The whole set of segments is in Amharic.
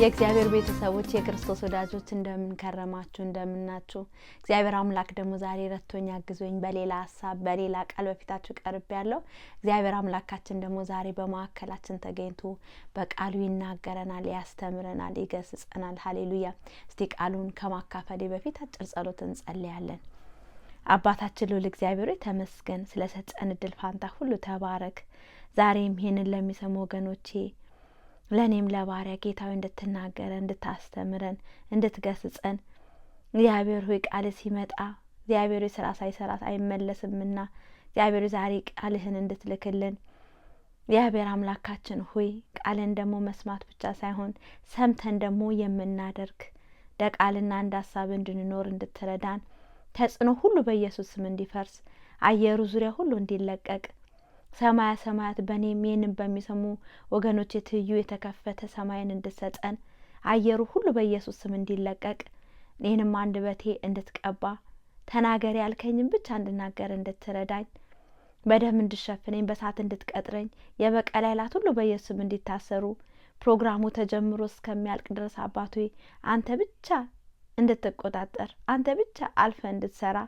የእግዚአብሔር ቤተሰቦች የክርስቶስ ወዳጆች እንደምንከረማችሁ እንደምናችሁ። እግዚአብሔር አምላክ ደግሞ ዛሬ ረቶኝ አግዞኝ በሌላ ሀሳብ በሌላ ቃል በፊታችሁ ቀርብ ያለው እግዚአብሔር አምላካችን ደግሞ ዛሬ በማዕከላችን ተገኝቶ በቃሉ ይናገረናል፣ ያስተምረናል፣ ይገስጸናል። ሀሌሉያ። እስቲ ቃሉን ከማካፈሌ በፊት አጭር ጸሎት እንጸልያለን። አባታችን ልዑል እግዚአብሔር ተመስገን፣ ስለሰጠን እድል ፋንታ ሁሉ ተባረክ። ዛሬም ይህንን ለሚሰሙ ወገኖቼ ለእኔም ለባሪያ ጌታዊ እንድትናገረን እንድታስተምረን እንድትገስጸን እግዚአብሔር ሆይ ቃል ሲመጣ እግዚአብሔር ስራ ሳይሰራ አይመለስምና እግዚአብሔር ዛሬ ቃልህን እንድትልክልን እግዚአብሔር አምላካችን ሆይ ቃልን ደግሞ መስማት ብቻ ሳይሆን ሰምተን ደግሞ የምናደርግ እንደ ቃልና እንደ ሀሳብ እንድንኖር እንድትረዳን ተጽዕኖ ሁሉ በኢየሱስ ስም እንዲፈርስ አየሩ ዙሪያ ሁሉ እንዲለቀቅ ሰማያ ሰማያት በእኔም ይህንም በሚሰሙ ወገኖች የትዩ የተከፈተ ሰማይን እንድሰጠን አየሩ ሁሉ በኢየሱስ ስም እንዲለቀቅ እኔንም በቴ እንድትቀባ ተናገር ያልከኝም ብቻ እንድናገር እንድትረዳኝ በደም እንድሸፍነኝ በሳት እንድትቀጥረኝ የበቀል ኃይላት ሁሉ በኢየሱስ ስም እንዲታሰሩ ፕሮግራሙ ተጀምሮ እስከሚያልቅ ድረስ አባቶ አንተ ብቻ እንድትቆጣጠር አንተ ብቻ አልፈ እንድትሰራ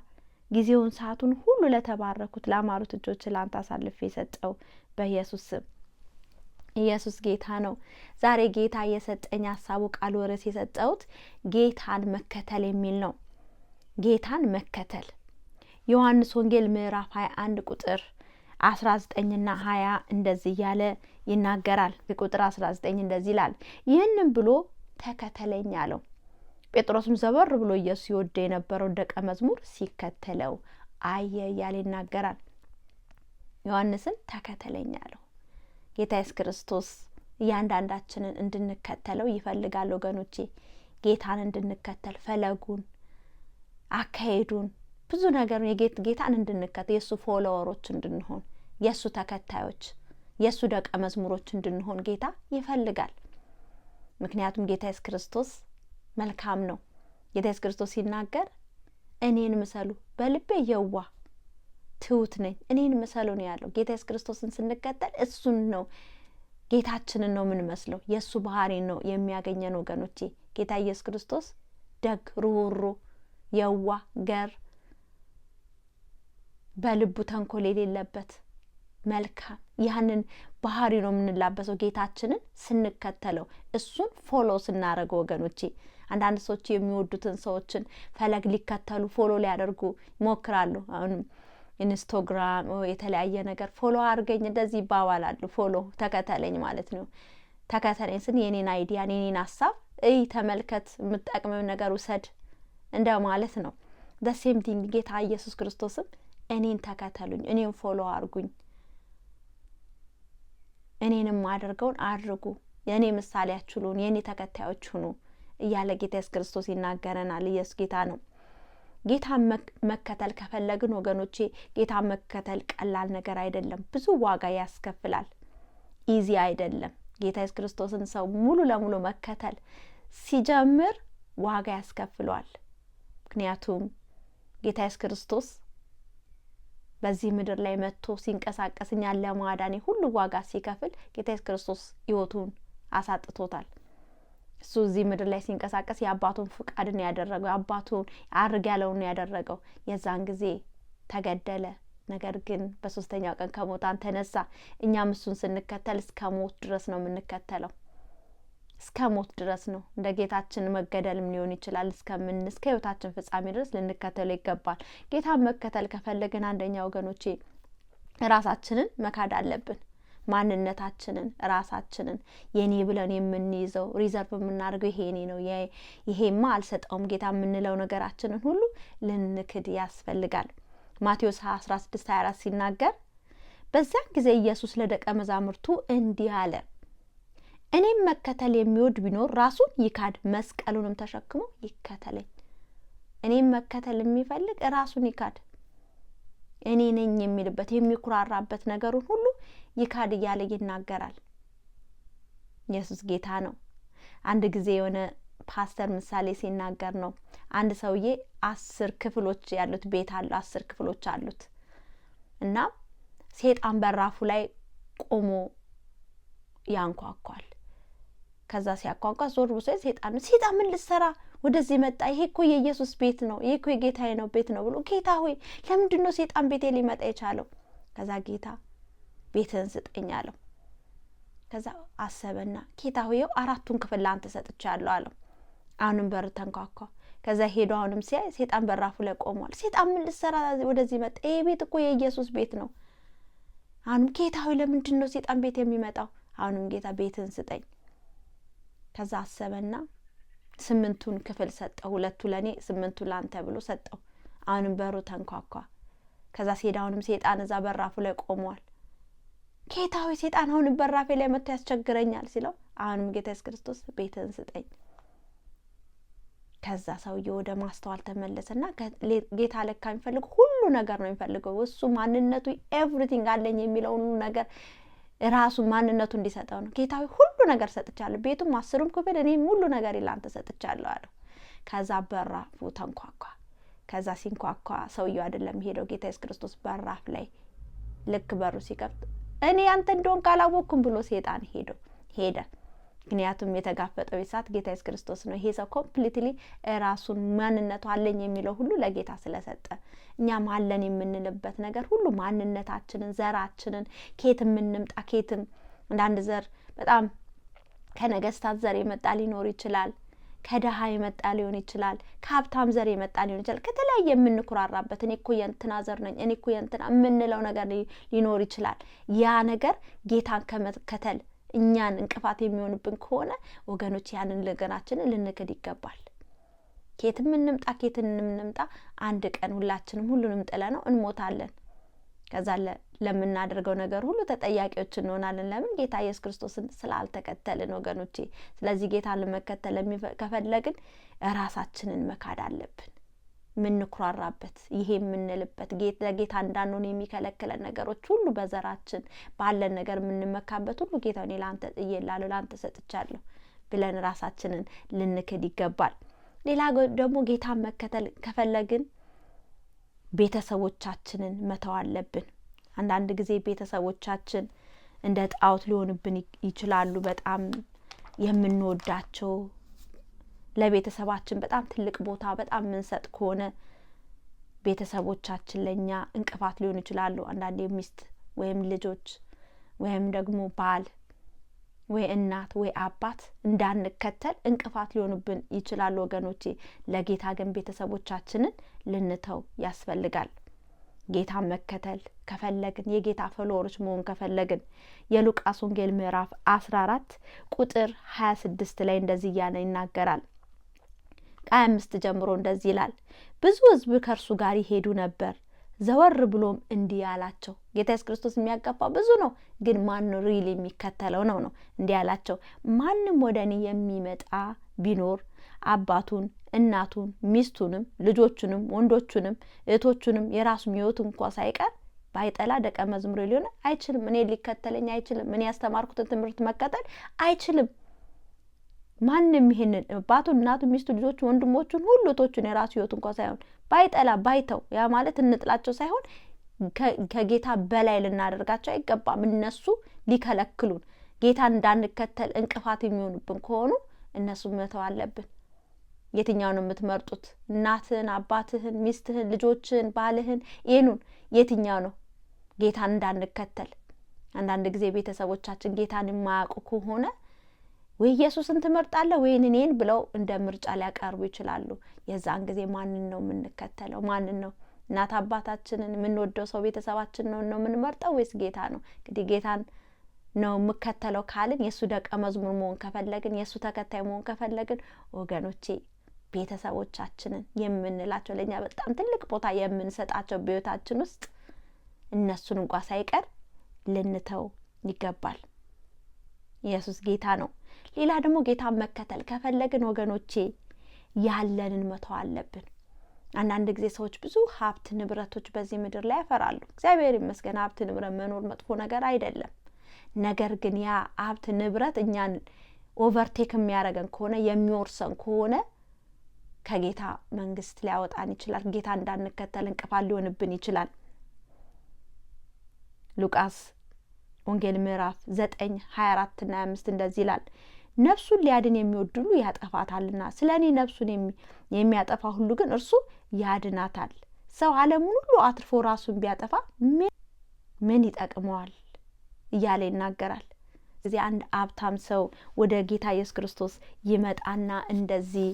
ጊዜውን ሰዓቱን ሁሉ ለተባረኩት ለአማሩት እጆች ለአንተ አሳልፍ የሰጠው በኢየሱስ ስም። ኢየሱስ ጌታ ነው። ዛሬ ጌታ የሰጠኝ ሀሳቡ ቃል ወረስ የሰጠውት ጌታን መከተል የሚል ነው። ጌታን መከተል ዮሐንስ ወንጌል ምዕራፍ 21 ቁጥር 19ና 20 እንደዚህ እያለ ይናገራል። ቁጥር 19 እንደዚህ ይላል፣ ይህንም ብሎ ተከተለኝ አለው። ጴጥሮስም ዘበር ብሎ ኢየሱስ ይወደ የነበረው ደቀ መዝሙር ሲከተለው አየ እያለ ይናገራል። ዮሐንስን ተከተለኝ አለው። ጌታ ኢየሱስ ክርስቶስ እያንዳንዳችንን እንድንከተለው ይፈልጋል። ወገኖቼ ጌታን እንድንከተል ፈለጉን፣ አካሄዱን፣ ብዙ ነገሩን ጌታን እንድንከተል የእሱ ፎሎወሮች እንድንሆን የእሱ ተከታዮች የእሱ ደቀ መዝሙሮች እንድንሆን ጌታ ይፈልጋል። ምክንያቱም ጌታ ኢየሱስ ክርስቶስ መልካም ነው። ጌታ ክርስቶስ ሲናገር እኔን ምሰሉ፣ በልቤ የዋ ትሁት ነኝ፣ እኔን ምሰሉ ነው ያለው። ጌታ ክርስቶስን ስንከተል እሱን ነው ጌታችንን ነው የምንመስለው። የእሱ ባህሪ ነው የሚያገኘን ወገኖቼ። ጌታ ኢየሱስ ክርስቶስ ደግ፣ ሩህሩህ፣ የዋ ገር፣ በልቡ ተንኮል የሌለበት መልካም ያንን ባህሪ ነው የምንላበሰው ጌታችንን ስንከተለው እሱን ፎሎ ስናደርገው ወገኖቼ አንዳንድ ሰዎች የሚወዱትን ሰዎችን ፈለግ ሊከተሉ ፎሎ ሊያደርጉ ይሞክራሉ። አሁንም ኢንስቶግራም የተለያየ ነገር ፎሎ አድርገኝ እንደዚህ ይባባላሉ። ፎሎ ተከተለኝ ማለት ነው። ተከተለኝ ስን የኔን አይዲያን የኔን ሀሳብ እይ፣ ተመልከት፣ የምጠቅመው ነገር ውሰድ እንደ ማለት ነው። ሴም ቲንግ ጌታ ኢየሱስ ክርስቶስም እኔን ተከተሉኝ፣ እኔን ፎሎ አድርጉኝ፣ እኔንም አድርገውን አድርጉ፣ የእኔ ምሳሌያችሁ ሁኑ፣ የእኔ ተከታዮች ሁኑ እያለ ጌታ ኢየሱስ ክርስቶስ ይናገረናል። ኢየሱስ ጌታ ነው። ጌታ መከተል ከፈለግን ወገኖቼ፣ ጌታ መከተል ቀላል ነገር አይደለም። ብዙ ዋጋ ያስከፍላል። ኢዚ አይደለም። ጌታ ኢየሱስ ክርስቶስን ሰው ሙሉ ለሙሉ መከተል ሲጀምር ዋጋ ያስከፍሏል። ምክንያቱም ጌታ ኢየሱስ ክርስቶስ በዚህ ምድር ላይ መጥቶ ሲንቀሳቀስ እኛን ለማዳን ሁሉ ዋጋ ሲከፍል ጌታ ኢየሱስ ክርስቶስ ሕይወቱን አሳጥቶታል። እሱ እዚህ ምድር ላይ ሲንቀሳቀስ የአባቱን ፍቃድን ያደረገው የአባቱን አርግ ያለውን ያደረገው የዛን ጊዜ ተገደለ። ነገር ግን በሶስተኛው ቀን ከሞታን ተነሳ። እኛም እሱን ስንከተል እስከ ሞት ድረስ ነው የምንከተለው፣ እስከ ሞት ድረስ ነው። እንደ ጌታችን መገደልም ሊሆን ይችላል። እስከምን እስከ ህይወታችን ፍጻሜ ድረስ ልንከተለው ይገባል። ጌታን መከተል ከፈለግን አንደኛ ወገኖቼ ራሳችንን መካድ አለብን። ማንነታችንን ራሳችንን የኔ ብለን የምንይዘው ሪዘርቭ የምናደርገው ይሄኔ ነው ይሄማ አልሰጠውም ጌታ የምንለው ነገራችንን ሁሉ ልንክድ ያስፈልጋል። ማቴዎስ 16 24 ሲናገር በዚያን ጊዜ ኢየሱስ ለደቀ መዛሙርቱ እንዲህ አለ፣ እኔም መከተል የሚወድ ቢኖር ራሱን ይካድ መስቀሉንም ተሸክሞ ይከተለኝ። እኔም መከተል የሚፈልግ ራሱን ይካድ እኔ ነኝ የሚልበት የሚኩራራበት ነገሩን ሁሉ ይካድ እያለ ይናገራል። ኢየሱስ ጌታ ነው። አንድ ጊዜ የሆነ ፓስተር ምሳሌ ሲናገር ነው አንድ ሰውዬ አስር ክፍሎች ያሉት ቤት አለ አስር ክፍሎች አሉት እና ሴጣን በራፉ ላይ ቆሞ ያንኳኳል። ከዛ ሲያንኳኳ ዞር ብሎ ሴጣን ነው ሴጣን ምን ልሰራ ወደዚህ መጣ? ይሄ እኮ የኢየሱስ ቤት ነው፣ ይሄ እኮ የጌታዬ ነው ቤት ነው ብሎ ጌታ ሆይ ለምንድን ነው ሴጣን ቤቴ ሊመጣ የቻለው? ከዛ ጌታ ቤትን ስጠኝ አለው። ከዛ አሰበና ጌታ ሆየው አራቱን ክፍል ለአንተ ሰጥቻለሁ አለው። አሁንም በር ተንኳኳ። ከዛ ሄዶ አሁንም ሲያይ ሴጣን በራፉ ላይ ቆሟል። ሴጣን ምን ልትሰራ ወደዚህ መጣ? ይሄ ቤት እኮ የኢየሱስ ቤት ነው። አሁንም ጌታ ሆይ ለምንድን ነው ሴጣን ቤት የሚመጣው? አሁንም ጌታ ቤትን ስጠኝ። ከዛ አሰበና ስምንቱን ክፍል ሰጠው። ሁለቱ ለእኔ ስምንቱ ለአንተ ብሎ ሰጠው። አሁንም በሩ ተንኳኳ። ከዛ አሁንም ሴጣን እዛ በራፉ ላይ ቆሟል። ጌታዊ ሴጣን አሁን በራፌ ላይ መጥቶ ያስቸግረኛል ሲለው አሁንም ጌታ ኢየሱስ ክርስቶስ ቤትን ስጠኝ። ከዛ ሰውዬ ወደ ማስተዋል ተመለሰና ጌታ ለካ የሚፈልገው ሁሉ ነገር ነው የሚፈልገው እሱ ማንነቱ ኤቭሪቲንግ አለኝ የሚለውን ነገር ራሱ ማንነቱ እንዲሰጠው ነው። ጌታዊ ሁሉ ነገር ሰጥቻለሁ፣ ቤቱም አስሩም ክፍል እኔም ሁሉ ነገር ለአንተ ሰጥቻለሁ አለው። ከዛ በራፉ ተንኳኳ። ከዛ ሲንኳኳ ሰውየው አይደለም ሄደው ጌታ ኢየሱስ ክርስቶስ በራፍ ላይ ልክ በሩ ሲከፍት እኔ አንተ እንደሆን ካላወቅኩም ብሎ ሴጣን ሄዶ ሄደ። ምክንያቱም የተጋፈጠው ይሳት ጌታ ኢየሱስ ክርስቶስ ነው። ይሄ ሰው ኮምፕሊትሊ ራሱን ማንነቱ አለኝ የሚለው ሁሉ ለጌታ ስለሰጠ እኛም አለን የምንልበት ነገር ሁሉ ማንነታችንን፣ ዘራችንን ኬት የምንምጣ ኬትም እንደ ዘር በጣም ከነገስታት ዘር የመጣ ሊኖር ይችላል ከድሃ የመጣ ሊሆን ይችላል፣ ከሀብታም ዘር የመጣ ሊሆን ይችላል። ከተለያየ የምንኩራራበት እኔ እኮ የእንትና ዘር ነኝ፣ እኔ እኮ የእንትና የምንለው ነገር ሊኖር ይችላል። ያ ነገር ጌታን ከመከተል እኛን እንቅፋት የሚሆንብን ከሆነ ወገኖች ያንን ለገናችንን ልንክድ ይገባል። ኬትም እንምጣ ኬትን እንምጣ፣ አንድ ቀን ሁላችንም ሁሉንም ጥለ ነው እንሞታለን። ከዛ ለምናደርገው ነገር ሁሉ ተጠያቂዎች እንሆናለን። ለምን ጌታ ኢየሱስ ክርስቶስን ስላልተከተልን ወገኖቼ። ስለዚህ ጌታ ለመከተል ከፈለግን ራሳችንን መካድ አለብን። የምንኩራራበት ይሄ የምንልበት ለጌታ እንዳንሆን የሚከለክለን ነገሮች ሁሉ በዘራችን ባለን ነገር የምንመካበት ሁሉ ጌታ እኔ ለአንተ ጥዬላለሁ፣ ለአንተ ሰጥቻለሁ ብለን ራሳችንን ልንክድ ይገባል። ሌላ ደግሞ ጌታን መከተል ከፈለግን ቤተሰቦቻችንን መተው አለብን። አንዳንድ ጊዜ ቤተሰቦቻችን እንደ ጣዖት ሊሆንብን ይችላሉ። በጣም የምንወዳቸው ለቤተሰባችን በጣም ትልቅ ቦታ በጣም የምንሰጥ ከሆነ ቤተሰቦቻችን ለእኛ እንቅፋት ሊሆን ይችላሉ። አንዳንዴ ሚስት ወይም ልጆች ወይም ደግሞ ባል ወይ እናት ወይ አባት እንዳንከተል እንቅፋት ሊሆኑብን ይችላሉ ወገኖቼ ለጌታ ግን ቤተሰቦቻችንን ልንተው ያስፈልጋል። ጌታ መከተል ከፈለግን የጌታ ፈሎወሮች መሆን ከፈለግን የሉቃስ ወንጌል ምዕራፍ አስራ አራት ቁጥር ሀያ ስድስት ላይ እንደዚህ እያለ ይናገራል። ከሀያ አምስት ጀምሮ እንደዚህ ይላል። ብዙ ህዝብ ከእርሱ ጋር ይሄዱ ነበር፣ ዘወር ብሎም እንዲህ አላቸው። ጌታ ኢየሱስ ክርስቶስ የሚያቀፋ ብዙ ነው፣ ግን ማን ሪል የሚከተለው ነው ነው። እንዲህ አላቸው። ማንም ወደ እኔ የሚመጣ ቢኖር አባቱን እናቱን ሚስቱንም ልጆቹንም ወንዶቹንም እህቶቹንም የራሱን ሕይወት እንኳ ሳይቀር ባይጠላ ደቀ መዝሙር ሊሆን አይችልም። እኔ ሊከተለኝ አይችልም። እኔ ያስተማርኩትን ትምህርት መከተል አይችልም። ማንም ይሄንን አባቱ፣ እናቱ፣ ሚስቱ፣ ልጆቹ፣ ወንድሞቹን ሁሉ እህቶቹን የራሱ ህይወት እንኳ ሳይሆን ባይጠላ ባይተው፣ ያ ማለት እንጥላቸው ሳይሆን ከጌታ በላይ ልናደርጋቸው አይገባም። እነሱ ሊከለክሉን ጌታ እንዳንከተል እንቅፋት የሚሆኑብን ከሆኑ እነሱ መተው አለብን። የትኛውን የምትመርጡት? እናትህን፣ አባትህን፣ ሚስትህን፣ ልጆችህን፣ ባልህን፣ ይህኑን የትኛው ነው? ጌታን እንዳንከተል አንዳንድ ጊዜ ቤተሰቦቻችን ጌታን የማያውቁ ከሆነ ወይ ኢየሱስን ትመርጣለህ ወይ እኔን ብለው እንደ ምርጫ ሊያቀርቡ ይችላሉ። የዛን ጊዜ ማንን ነው የምንከተለው? ማንን ነው እናት አባታችንን የምንወደው ሰው ቤተሰባችን ነው ነው የምንመርጠው ወይስ ጌታ ነው? እንግዲህ ጌታን ነው የምከተለው ካልን የእሱ ደቀ መዝሙር መሆን ከፈለግን የእሱ ተከታይ መሆን ከፈለግን ወገኖቼ ቤተሰቦቻችንን የምንላቸው ለእኛ በጣም ትልቅ ቦታ የምንሰጣቸው በህይወታችን ውስጥ እነሱን እንኳ ሳይቀር ልንተው ይገባል። ኢየሱስ ጌታ ነው። ሌላ ደግሞ ጌታን መከተል ከፈለግን ወገኖቼ ያለንን መተው አለብን። አንዳንድ ጊዜ ሰዎች ብዙ ሀብት ንብረቶች በዚህ ምድር ላይ ያፈራሉ። እግዚአብሔር ይመስገን ሀብት ንብረት መኖር መጥፎ ነገር አይደለም። ነገር ግን ያ ሀብት ንብረት እኛን ኦቨርቴክ የሚያደርገን ከሆነ የሚወርሰን ከሆነ ከጌታ መንግስት ሊያወጣን ይችላል። ጌታ እንዳንከተል እንቅፋት ሊሆንብን ይችላል። ሉቃስ ወንጌል ምዕራፍ ዘጠኝ ሀያ አራት ና ሀያ አምስት እንደዚህ ይላል ነፍሱን ሊያድን የሚወድ ሁሉ ያጠፋታልና ስለ እኔ ነፍሱን የሚያጠፋ ሁሉ ግን እርሱ ያድናታል። ሰው ዓለሙን ሁሉ አትርፎ ራሱን ቢያጠፋ ምን ይጠቅመዋል? እያለ ይናገራል። እዚህ አንድ ሀብታም ሰው ወደ ጌታ ኢየሱስ ክርስቶስ ይመጣና እንደዚህ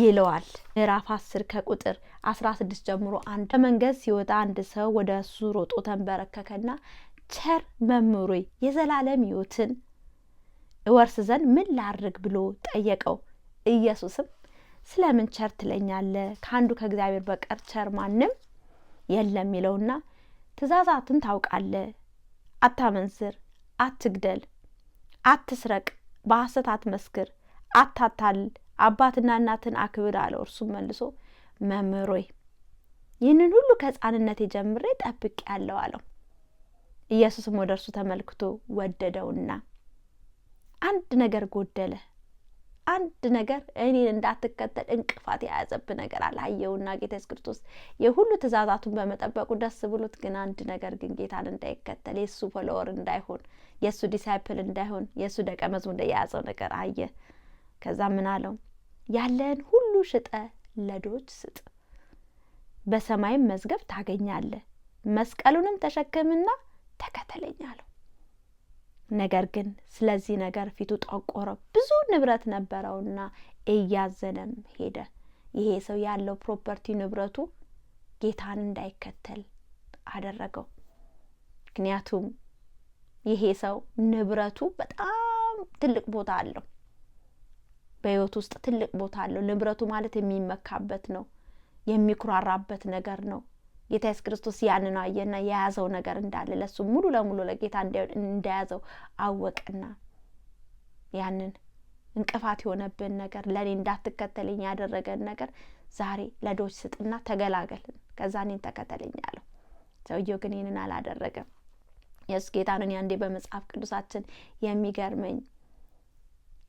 ይለዋል። ምዕራፍ አስር ከቁጥር አስራ ስድስት ጀምሮ አንድ ከመንገድ ሲወጣ አንድ ሰው ወደ እሱ ሮጦ ተንበረከከና ቸር መምሩ የዘላለም ሕይወትን እወርስ ዘንድ ምን ላድርግ ብሎ ጠየቀው። ኢየሱስም ስለምን ቸር ትለኛለህ? ከአንዱ ከእግዚአብሔር በቀር ቸር ማንም የለም ይለውና ትእዛዛትን ታውቃለህ፣ አታመንዝር፣ አትግደል፣ አትስረቅ፣ በሐሰት አትመስክር፣ አታታል፣ አባትና እናትን አክብር አለው። እርሱም መልሶ መምህር ሆይ ይህንን ሁሉ ከሕፃንነቴ ጀምሬ ያለው አለው። ኢየሱስም ወደ እርሱ ተመልክቶ ወደደውና አንድ ነገር ጎደለ፣ አንድ ነገር እኔን እንዳትከተል እንቅፋት የያዘብ ነገር አላየውና አየውና ጌታ ኢየሱስ ክርስቶስ የሁሉ ትእዛዛቱን በመጠበቁ ደስ ብሎት፣ ግን አንድ ነገር ግን ጌታን እንዳይከተል የእሱ ፎሎወር እንዳይሆን፣ የእሱ ዲሳይፕል እንዳይሆን፣ የእሱ ደቀ መዝሙር እንደያዘው ነገር አየ። ከዛ ምን አለው? ያለን ሁሉ ሽጠ ለዶች ስጥ፣ በሰማይም መዝገብ ታገኛለህ፣ መስቀሉንም ተሸክምና ተከተለኝ አለው። ነገር ግን ስለዚህ ነገር ፊቱ ጠቆረ። ብዙ ንብረት ነበረውና እያዘነም ሄደ። ይሄ ሰው ያለው ፕሮፐርቲ ንብረቱ ጌታን እንዳይከተል አደረገው። ምክንያቱም ይሄ ሰው ንብረቱ በጣም ትልቅ ቦታ አለው፣ በህይወት ውስጥ ትልቅ ቦታ አለው። ንብረቱ ማለት የሚመካበት ነው፣ የሚኩራራበት ነገር ነው። ጌታ ኢየሱስ ክርስቶስ ያንን አየና የያዘው ነገር እንዳለ ለሱ ሙሉ ለሙሉ ለጌታ እንደያዘው አወቀና ያንን እንቅፋት የሆነብን ነገር ለእኔ እንዳትከተለኝ ያደረገን ነገር ዛሬ ለዶች ስጥና ተገላገልን፣ ከዛ እኔን ተከተለኝ አለው። ሰውየው ግን ይህንን አላደረገም። የሱስ ጌታ ነን። አንዴ በመጽሐፍ ቅዱሳችን የሚገርመኝ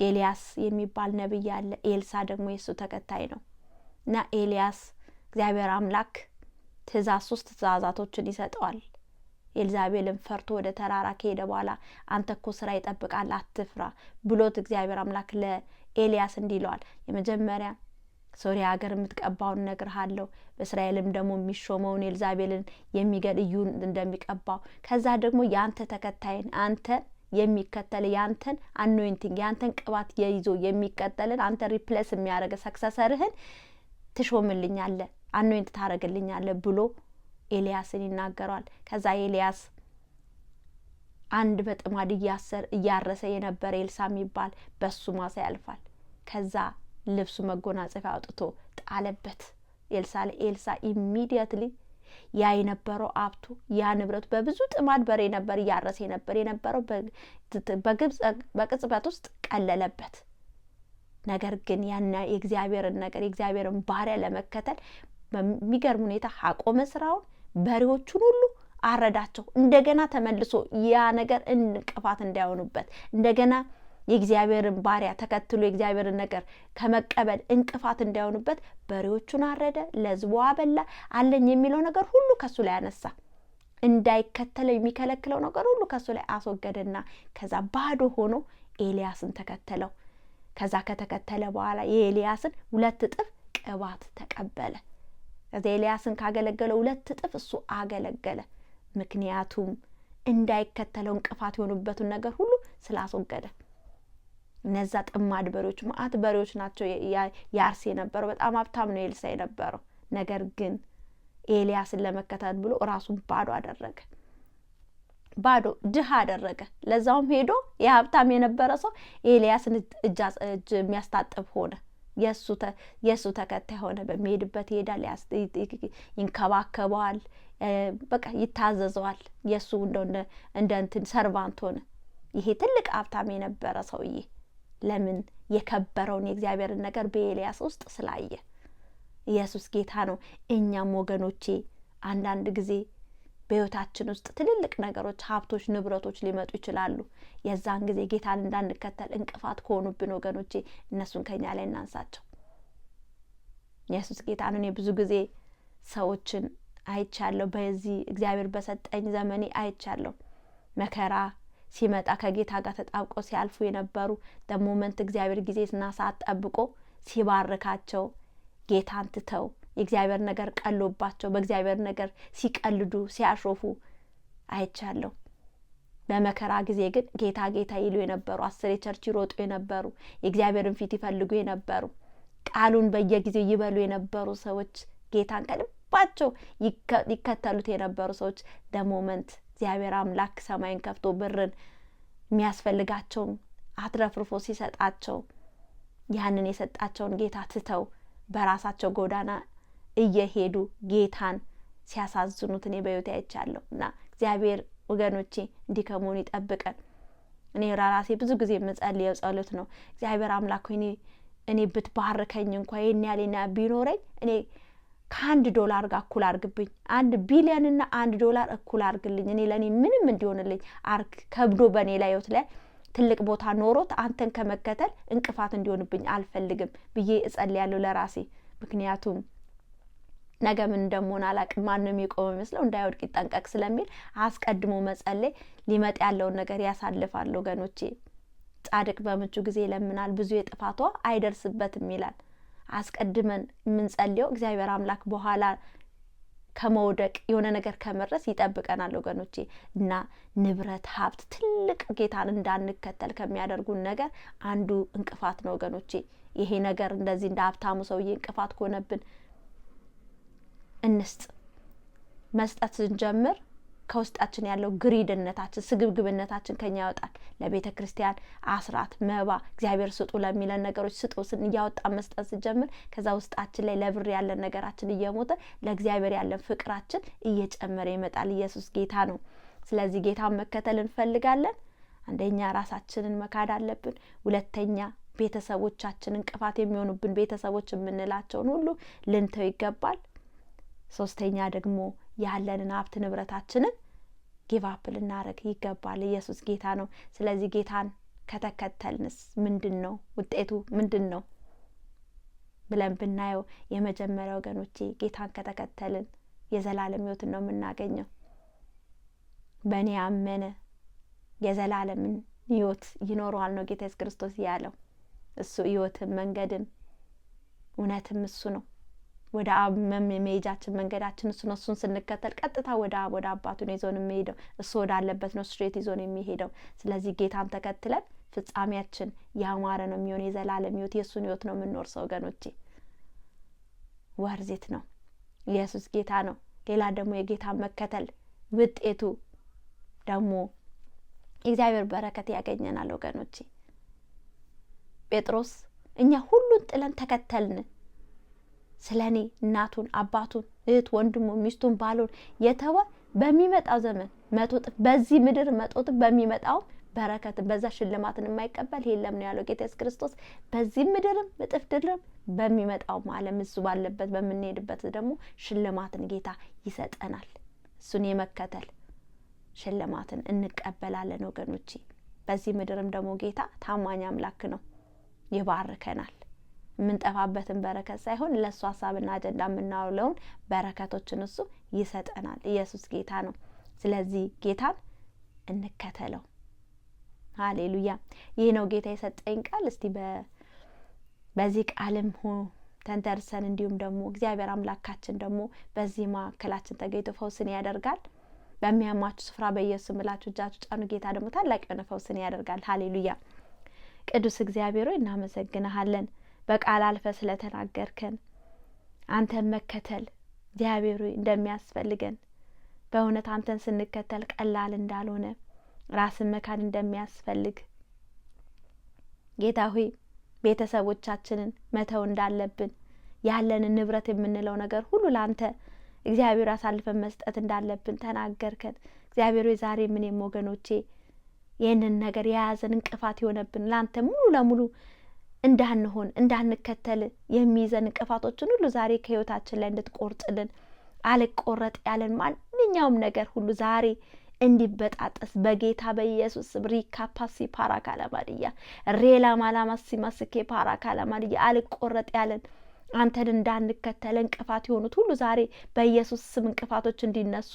ኤልያስ የሚባል ነቢይ አለ። ኤልሳ ደግሞ የእሱ ተከታይ ነው እና ኤልያስ እግዚአብሔር አምላክ ትእዛዝ ሶስት ትእዛዛቶችን ይሰጠዋል። ኤልዛቤልን ፈርቶ ወደ ተራራ ከሄደ በኋላ አንተ እኮ ስራ ይጠብቃል አትፍራ ብሎት እግዚአብሔር አምላክ ለኤልያስ እንዲህ ይለዋል። የመጀመሪያ ሶሪያ ሀገር የምትቀባውን እነግርሃለሁ፣ በእስራኤልም ደግሞ የሚሾመውን ኤልዛቤልን የሚገል እዩን እንደሚቀባው ከዛ ደግሞ የአንተ ተከታይን አንተ የሚከተል ያንተን አኖይንቲንግ ያንተን ቅባት የይዞ የሚቀጠልን አንተ ሪፕለስ የሚያደርገ ሰክሰሰርህን ትሾምልኛለን አኖይንት ታደረግልኛለህ ብሎ ኤልያስን ይናገረዋል። ከዛ ኤልያስ አንድ በጥማድ እያረሰ የነበረ ኤልሳ የሚባል በሱ ማሳ ያልፋል። ከዛ ልብሱ መጎናጸፊያ አውጥቶ ጣለበት ኤልሳ ላይ። ኤልሳ ኢሚዲየትሊ ያ የነበረው ሀብቱ ያ ንብረቱ በብዙ ጥማድ በሬ ነበር እያረሰ ነበር የነበረው በቅጽበት ውስጥ ቀለለበት። ነገር ግን ያና የእግዚአብሔርን ነገር የእግዚአብሔርን ባሪያ ለመከተል በሚገርም ሁኔታ አቆመ ስራውን። በሬዎቹን ሁሉ አረዳቸው። እንደገና ተመልሶ ያ ነገር እንቅፋት እንዳይሆኑበት እንደገና የእግዚአብሔርን ባሪያ ተከትሎ የእግዚአብሔርን ነገር ከመቀበል እንቅፋት እንዳይሆኑበት በሬዎቹን አረደ፣ ለሕዝቡ አበላ። አለኝ የሚለው ነገር ሁሉ ከሱ ላይ አነሳ። እንዳይከተለው የሚከለክለው ነገር ሁሉ ከሱ ላይ አስወገደና ከዛ ባዶ ሆኖ ኤልያስን ተከተለው። ከዛ ከተከተለ በኋላ የኤልያስን ሁለት እጥፍ ቅባት ተቀበለ። ከዚያ ኤልያስን ካገለገለ ሁለት እጥፍ እሱ አገለገለ። ምክንያቱም እንዳይከተለው እንቅፋት የሆኑበትን ነገር ሁሉ ስላስወገደ። እነዛ ጥማድ በሬዎች ማአት በሬዎች ናቸው ያርስ የነበረው። በጣም ሀብታም ነው ኤልሳ የነበረው። ነገር ግን ኤልያስን ለመከተል ብሎ ራሱን ባዶ አደረገ። ባዶ ድሃ አደረገ። ለዛውም ሄዶ የሀብታም የነበረ ሰው ኤልያስን እጅ የሚያስታጥብ ሆነ። የእሱ ተከታይ ሆነ በሚሄድበት ይሄዳል፣ ይንከባከበዋል፣ በቃ ይታዘዘዋል። የእሱ እንደ እንደ እንትን ሰርቫንት ሆነ። ይሄ ትልቅ ሀብታም የነበረ ሰውዬ ለምን የከበረውን የእግዚአብሔርን ነገር በኤልያስ ውስጥ ስላየ ኢየሱስ ጌታ ነው። እኛም ወገኖቼ አንዳንድ ጊዜ በህይወታችን ውስጥ ትልልቅ ነገሮች፣ ሀብቶች፣ ንብረቶች ሊመጡ ይችላሉ። የዛን ጊዜ ጌታን እንዳንከተል እንቅፋት ከሆኑብን ወገኖቼ እነሱን ከኛ ላይ እናንሳቸው። ኢየሱስ ጌታ እኔ ብዙ ጊዜ ሰዎችን አይቻለሁ። በዚህ እግዚአብሔር በሰጠኝ ዘመኔ አይቻለሁ። መከራ ሲመጣ ከጌታ ጋር ተጣብቆ ሲያልፉ የነበሩ ደሞመንት እግዚአብሔር ጊዜና ሰዓት ጠብቆ ሲባርካቸው ጌታን ትተው የእግዚአብሔር ነገር ቀሎባቸው በእግዚአብሔር ነገር ሲቀልዱ ሲያሾፉ አይቻለሁ። በመከራ ጊዜ ግን ጌታ ጌታ ይሉ የነበሩ አስር የቸርች ይሮጡ የነበሩ የእግዚአብሔርን ፊት ይፈልጉ የነበሩ ቃሉን በየጊዜው ይበሉ የነበሩ ሰዎች ጌታን ከልባቸው ይከተሉት የነበሩ ሰዎች ደሞመንት እግዚአብሔር አምላክ ሰማይን ከፍቶ ብርን የሚያስፈልጋቸውን አትረፍርፎ ሲሰጣቸው ያንን የሰጣቸውን ጌታ ትተው በራሳቸው ጎዳና እየሄዱ ጌታን ሲያሳዝኑት እኔ በሕይወቴ አይቻለሁ። እና እግዚአብሔር ወገኖቼ እንዲህ ይጠብቀን። እኔ ራራሴ ብዙ ጊዜ የምጸልየው ጸሎት ነው። እግዚአብሔር አምላክ እኔ እኔ ብትባርከኝ እንኳ ይህን ያሌና ቢኖረኝ እኔ ከአንድ ዶላር ጋር እኩል አርግብኝ፣ አንድ ቢሊዮንና አንድ ዶላር እኩል አርግልኝ፣ እኔ ለእኔ ምንም እንዲሆንልኝ አርግ። ከብዶ በእኔ ላይ ህይወት ላይ ትልቅ ቦታ ኖሮት አንተን ከመከተል እንቅፋት እንዲሆንብኝ አልፈልግም ብዬ እጸልያለሁ ለራሴ ምክንያቱም ነገ ምን እንደምሆን አላቅም፣ ማን ነው ይመስለው እንዳይወድቅ ይጠንቀቅ ስለሚል አስቀድሞ መጸለይ ሊመጥ ያለውን ነገር ያሳልፋል ወገኖቼ። ጻድቅ በምቹ ጊዜ ይለምናል፣ ብዙ የጥፋቷ አይደርስበትም ይላል። አስቀድመን የምንጸልየው እግዚአብሔር አምላክ በኋላ ከመውደቅ የሆነ ነገር ከመድረስ ይጠብቀናል ወገኖቼ። እና ንብረት ሀብት ትልቅ ጌታን እንዳንከተል ከሚያደርጉን ነገር አንዱ እንቅፋት ነው ወገኖቼ። ይሄ ነገር እንደዚህ እንደ ሀብታሙ ሰውዬ እንቅፋት ከሆነብን እንስጥ። መስጠት ስንጀምር ከውስጣችን ያለው ግሪድነታችን ስግብግብነታችን ከኛ ያወጣል። ለቤተ ክርስቲያን አስራት መባ እግዚአብሔር ስጡ ለሚለን ነገሮች ስጡ እያወጣ መስጠት ስንጀምር ከዛ ውስጣችን ላይ ለብር ያለን ነገራችን እየሞተ ለእግዚአብሔር ያለን ፍቅራችን እየጨመረ ይመጣል። ኢየሱስ ጌታ ነው። ስለዚህ ጌታን መከተል እንፈልጋለን። አንደኛ ራሳችንን መካድ አለብን። ሁለተኛ ቤተሰቦቻችን እንቅፋት የሚሆኑብን ቤተሰቦች የምንላቸውን ሁሉ ልንተው ይገባል። ሶስተኛ ደግሞ ያለንን ሀብት ንብረታችንን ጊቫፕ ልናደረግ ይገባል። ኢየሱስ ጌታ ነው። ስለዚህ ጌታን ከተከተልንስ ምንድን ነው ውጤቱ ምንድን ነው ብለን ብናየው የመጀመሪያ ወገኖቼ ጌታን ከተከተልን የዘላለም ህይወትን ነው የምናገኘው። በእኔ ያመነ የዘላለምን ህይወት ይኖረዋል ነው ጌታ ኢየሱስ ክርስቶስ ያለው። እሱ ህይወትን መንገድም እውነትም እሱ ነው። ወደ አብ መሄጃችን መንገዳችን እሱ ነው። እሱን ስንከተል ቀጥታ ወደ አብ ወደ አባቱ ነው ይዞን የሚሄደው። እሱ ወዳለበት ነው ስትሬት ይዞን የሚሄደው። ስለዚህ ጌታን ተከትለን ፍጻሜያችን ያማረ ነው የሚሆን። የዘላለም ሕይወት የእሱን ሕይወት ነው የምንኖር። ሰው ወገኖቼ ወርዜት ነው። ኢየሱስ ጌታ ነው። ሌላ ደግሞ የጌታን መከተል ውጤቱ ደግሞ እግዚአብሔር በረከት ያገኘናል ወገኖቼ። ጴጥሮስ እኛ ሁሉን ጥለን ተከተልን ስለ እኔ እናቱን፣ አባቱን፣ እህት ወንድሙ፣ ሚስቱን፣ ባሉን የተወ በሚመጣው ዘመን መቶ እጥፍ በዚህ ምድር መቶ እጥፍ በሚመጣውም በረከትን በዛ ሽልማትን የማይቀበል የለም ነው ያለው ጌታ ኢየሱስ ክርስቶስ። በዚህ ምድርም እጥፍ ድርብ በሚመጣውም ዓለም እሱ ባለበት በምንሄድበት ደግሞ ሽልማትን ጌታ ይሰጠናል። እሱን የመከተል ሽልማትን እንቀበላለን ወገኖቼ። በዚህ ምድርም ደግሞ ጌታ ታማኝ አምላክ ነው፣ ይባርከናል። የምንጠፋበትን በረከት ሳይሆን ለእሱ ሀሳብና አጀንዳ የምናውለውን በረከቶችን እሱ ይሰጠናል። ኢየሱስ ጌታ ነው። ስለዚህ ጌታን እንከተለው። ሀሌሉያ! ይህ ነው ጌታ የሰጠኝ ቃል። እስቲ በዚህ ቃልም ተንተርሰን እንዲሁም ደግሞ እግዚአብሔር አምላካችን ደግሞ በዚህ መካከላችን ተገኝቶ ፈውስን ያደርጋል። በሚያማችሁ ስፍራ በኢየሱስ ምላችሁ እጃችሁ ጫኑ። ጌታ ደግሞ ታላቅ የሆነ ፈውስን ያደርጋል። ሀሌሉያ! ቅዱስ እግዚአብሔር ሆይ እናመሰግንሃለን። በቃል አልፈ ስለተናገርከን አንተን መከተል እግዚአብሔር እንደሚያስፈልገን በእውነት አንተን ስንከተል ቀላል እንዳልሆነ ራስን መካድ እንደሚያስፈልግ ጌታ ሆይ ቤተሰቦቻችንን መተው እንዳለብን ያለንን ንብረት የምንለው ነገር ሁሉ ለአንተ እግዚአብሔር አሳልፈን መስጠት እንዳለብን ተናገርከን። እግዚአብሔር ዛሬ ምንም ወገኖቼ ይህንን ነገር የያዘን እንቅፋት የሆነብን ለአንተ ሙሉ ለሙሉ እንዳንሆን እንዳንከተል የሚይዘን እንቅፋቶችን ሁሉ ዛሬ ከህይወታችን ላይ እንድትቆርጥልን አልቆረጥ ያለን ማንኛውም ነገር ሁሉ ዛሬ እንዲበጣጠስ በጌታ በኢየሱስ ሪካፓሲ ፓራ ካላማድያ ሬላ ማላማሲ ማስኬ ፓራ ካላማድያ አልቆረጥ ያለን አንተን እንዳንከተል እንቅፋት የሆኑት ሁሉ ዛሬ በኢየሱስ ስም እንቅፋቶች እንዲነሱ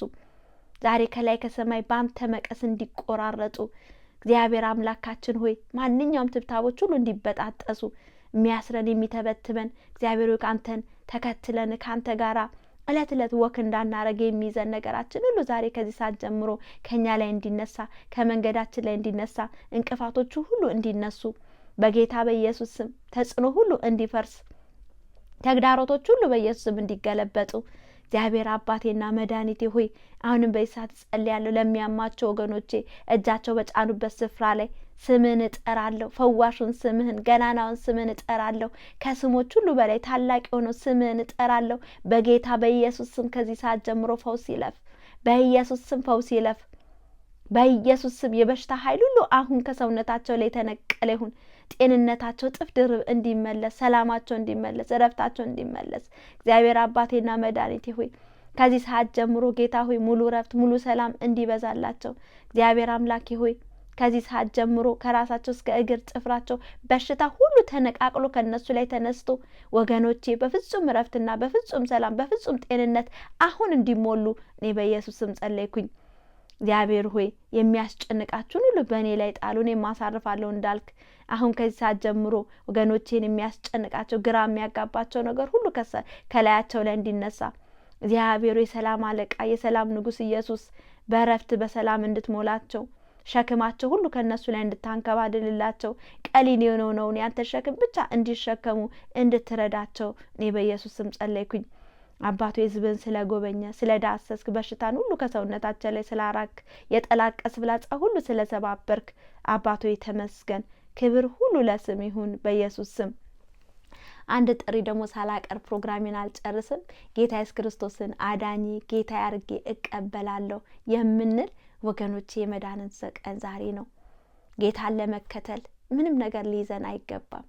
ዛሬ ከላይ ከሰማይ በአንተ መቀስ እንዲቆራረጡ እግዚአብሔር አምላካችን ሆይ ማንኛውም ትብታቦች ሁሉ እንዲበጣጠሱ የሚያስረን የሚተበትበን እግዚአብሔር ሆይ ከአንተን ተከትለን ከአንተ ጋራ እለት እለት ወክ እንዳናረገ የሚይዘን ነገራችን ሁሉ ዛሬ ከዚህ ሰዓት ጀምሮ ከእኛ ላይ እንዲነሳ ከመንገዳችን ላይ እንዲነሳ እንቅፋቶቹ ሁሉ እንዲነሱ በጌታ በኢየሱስ ስም ተጽዕኖ ሁሉ እንዲፈርስ ተግዳሮቶች ሁሉ በኢየሱስ ስም እንዲገለበጡ እግዚአብሔር አባቴና መድኃኒቴ ሆይ አሁንም በኢሳት ጸልያለሁ። ለሚያማቸው ወገኖቼ እጃቸው በጫኑበት ስፍራ ላይ ስምህን እጠራለሁ። ፈዋሹን ስምህን፣ ገናናውን ስምህን እጠራለሁ። ከስሞች ሁሉ በላይ ታላቅ የሆነው ስምህን እጠራለሁ። በጌታ በኢየሱስ ስም ከዚህ ሰዓት ጀምሮ ፈውስ ይለፍ። በኢየሱስ ስም ፈውስ ይለፍ። በኢየሱስ ስም የበሽታ ኃይል ሁሉ አሁን ከሰውነታቸው ላይ የተነቀለ ይሁን። ጤንነታቸው ጥፍ ድርብ እንዲመለስ፣ ሰላማቸው እንዲመለስ፣ እረፍታቸው እንዲመለስ እግዚአብሔር አባቴና መድኃኒቴ ሆይ ከዚህ ሰዓት ጀምሮ ጌታ ሆይ ሙሉ እረፍት ሙሉ ሰላም እንዲበዛላቸው እግዚአብሔር አምላኬ ሆይ ከዚህ ሰዓት ጀምሮ ከራሳቸው እስከ እግር ጭፍራቸው በሽታ ሁሉ ተነቃቅሎ ከነሱ ላይ ተነስቶ ወገኖቼ በፍጹም እረፍትና በፍጹም ሰላም በፍጹም ጤንነት አሁን እንዲሞሉ እኔ ስም ጸለይኩኝ። እግዚአብሔር ሆይ የሚያስጨንቃችሁን ሁሉ በእኔ ላይ ጣሉ፣ እኔ ማሳርፋለሁ እንዳልክ አሁን ከዚህ ሰዓት ጀምሮ ወገኖቼን የሚያስጨንቃቸው ግራ የሚያጋባቸው ነገር ሁሉ ከላያቸው ላይ እንዲነሳ እግዚአብሔሩ የሰላም አለቃ የሰላም ንጉስ ኢየሱስ በእረፍት በሰላም እንድትሞላቸው ሸክማቸው ሁሉ ከእነሱ ላይ እንድታንከባልልላቸው ቀሊል የሆነውን ያንተ ሸክም ብቻ እንዲሸከሙ እንድትረዳቸው እኔ በኢየሱስ ስም ጸለይኩኝ። አባቱ ሕዝብን ስለ ጎበኘ ስለ ዳሰስክ በሽታን ሁሉ ከሰውነታቸው ላይ ስላራክ የጠላት ቀስብላጻ ሁሉ ስለ ሰባበርክ አባቶ የተመስገን። ክብር ሁሉ ለስም ይሁን በኢየሱስ ስም። አንድ ጥሪ ደግሞ ሳላቀር ፕሮግራሜን አልጨርስም። ጌታ ኢየሱስ ክርስቶስን አዳኝ ጌታ አድርጌ እቀበላለሁ የምንል ወገኖቼ፣ የመዳንን ቀን ዛሬ ነው። ጌታን ለመከተል ምንም ነገር ሊይዘን አይገባም።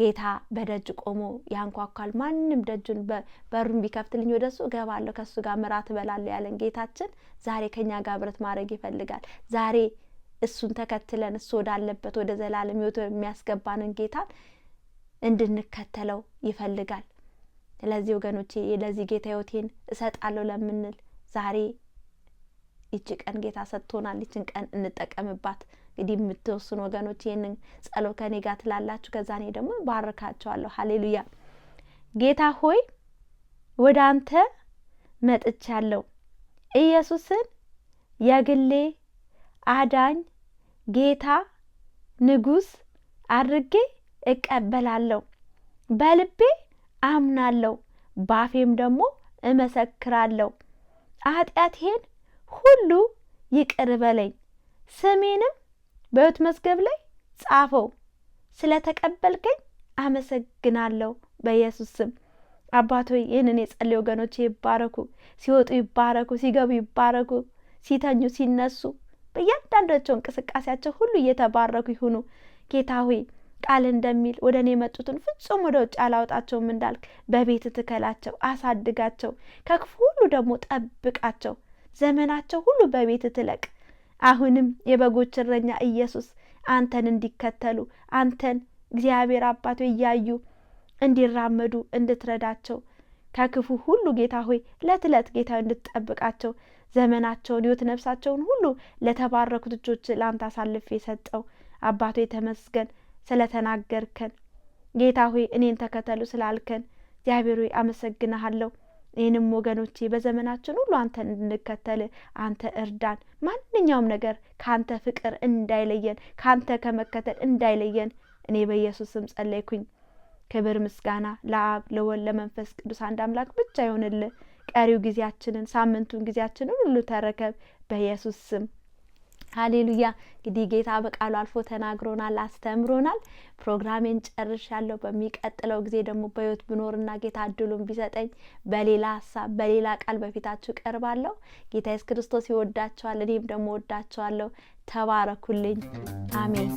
ጌታ በደጅ ቆሞ ያንኳኳል። ማንም ደጁን በሩን ቢከፍትልኝ ወደ እሱ እገባለሁ ከእሱ ጋር ምራት እበላለሁ ያለን ጌታችን ዛሬ ከእኛ ጋር ብረት ማድረግ ይፈልጋል ዛሬ እሱን ተከትለን እሱ ወዳለበት ወደ ዘላለም ሕይወት የሚያስገባንን ጌታን እንድንከተለው ይፈልጋል። ስለዚህ ወገኖቼ ለዚህ ጌታ ሕይወቴን እሰጣለሁ ለምንል ዛሬ ይቺ ቀን ጌታ ሰጥቶናል። ይችን ቀን እንጠቀምባት። እንግዲህ የምትወስኑ ወገኖች ይህንን ጸሎ ከኔ ጋር ትላላችሁ። ከዛ እኔ ደግሞ ባርካቸዋለሁ። ሀሌሉያ። ጌታ ሆይ ወደ አንተ መጥቻለሁ። ኢየሱስን የግሌ አዳኝ ጌታ ንጉስ አድርጌ እቀበላለሁ። በልቤ አምናለሁ፣ ባፌም ደግሞ እመሰክራለሁ። ኃጢአቴን ሁሉ ይቅር በለኝ፣ ስሜንም በሕይወት መዝገብ ላይ ጻፈው። ስለ ተቀበልከኝ አመሰግናለሁ በኢየሱስ ስም። አባቶ ይህንን የጸለዩ ወገኖች ይባረኩ፣ ሲወጡ ይባረኩ፣ ሲገቡ ይባረኩ፣ ሲተኙ ሲነሱ በእያንዳንዳቸው እንቅስቃሴያቸው ሁሉ እየተባረኩ ይሁኑ። ጌታ ሆይ ቃል እንደሚል ወደ እኔ የመጡትን ፍጹም ወደ ውጭ አላወጣቸውም እንዳልክ በቤት ትከላቸው፣ አሳድጋቸው፣ ከክፉ ሁሉ ደግሞ ጠብቃቸው። ዘመናቸው ሁሉ በቤት ትለቅ። አሁንም የበጎች እረኛ ኢየሱስ አንተን እንዲከተሉ አንተን እግዚአብሔር አባቶ እያዩ እንዲራመዱ እንድትረዳቸው ከክፉ ሁሉ ጌታ ሆይ ለት ለት ጌታ እንድትጠብቃቸው ዘመናቸውን ህይወት ነፍሳቸውን ሁሉ ለተባረኩት እጆች ለአንተ አሳልፌ የሰጠው አባቶ የተመስገን ስለተናገርከን ጌታ ሆይ እኔን ተከተሉ ስላልከን እግዚአብሔር ሆይ አመሰግንሃለሁ። ይህንም ወገኖቼ በዘመናችን ሁሉ አንተ እንድንከተል አንተ እርዳን። ማንኛውም ነገር ከአንተ ፍቅር እንዳይለየን፣ ከአንተ ከመከተል እንዳይለየን እኔ በኢየሱስ ስም ጸለይኩኝ። ክብር ምስጋና ለአብ ለወልድ ለመንፈስ ቅዱስ አንድ አምላክ ብቻ ይሆንልህ። ቀሪው ጊዜያችንን ሳምንቱን ጊዜያችንን ሁሉ ተረከብ በኢየሱስ ስም። ሀሌሉያ። እንግዲህ ጌታ በቃሉ አልፎ ተናግሮናል፣ አስተምሮናል። ፕሮግራሜን ያለው በሚቀጥለው ጊዜ ደግሞ በህይወት ብኖርና ጌታ እድሉን ቢሰጠኝ በሌላ ሀሳብ በሌላ ቃል በፊታችሁ ቀርባለሁ። ጌታ ኢየሱስ ክርስቶስ ይወዳቸዋል፣ እኔም ደግሞ ወዳቸዋለሁ። ተባረኩልኝ። አሜን።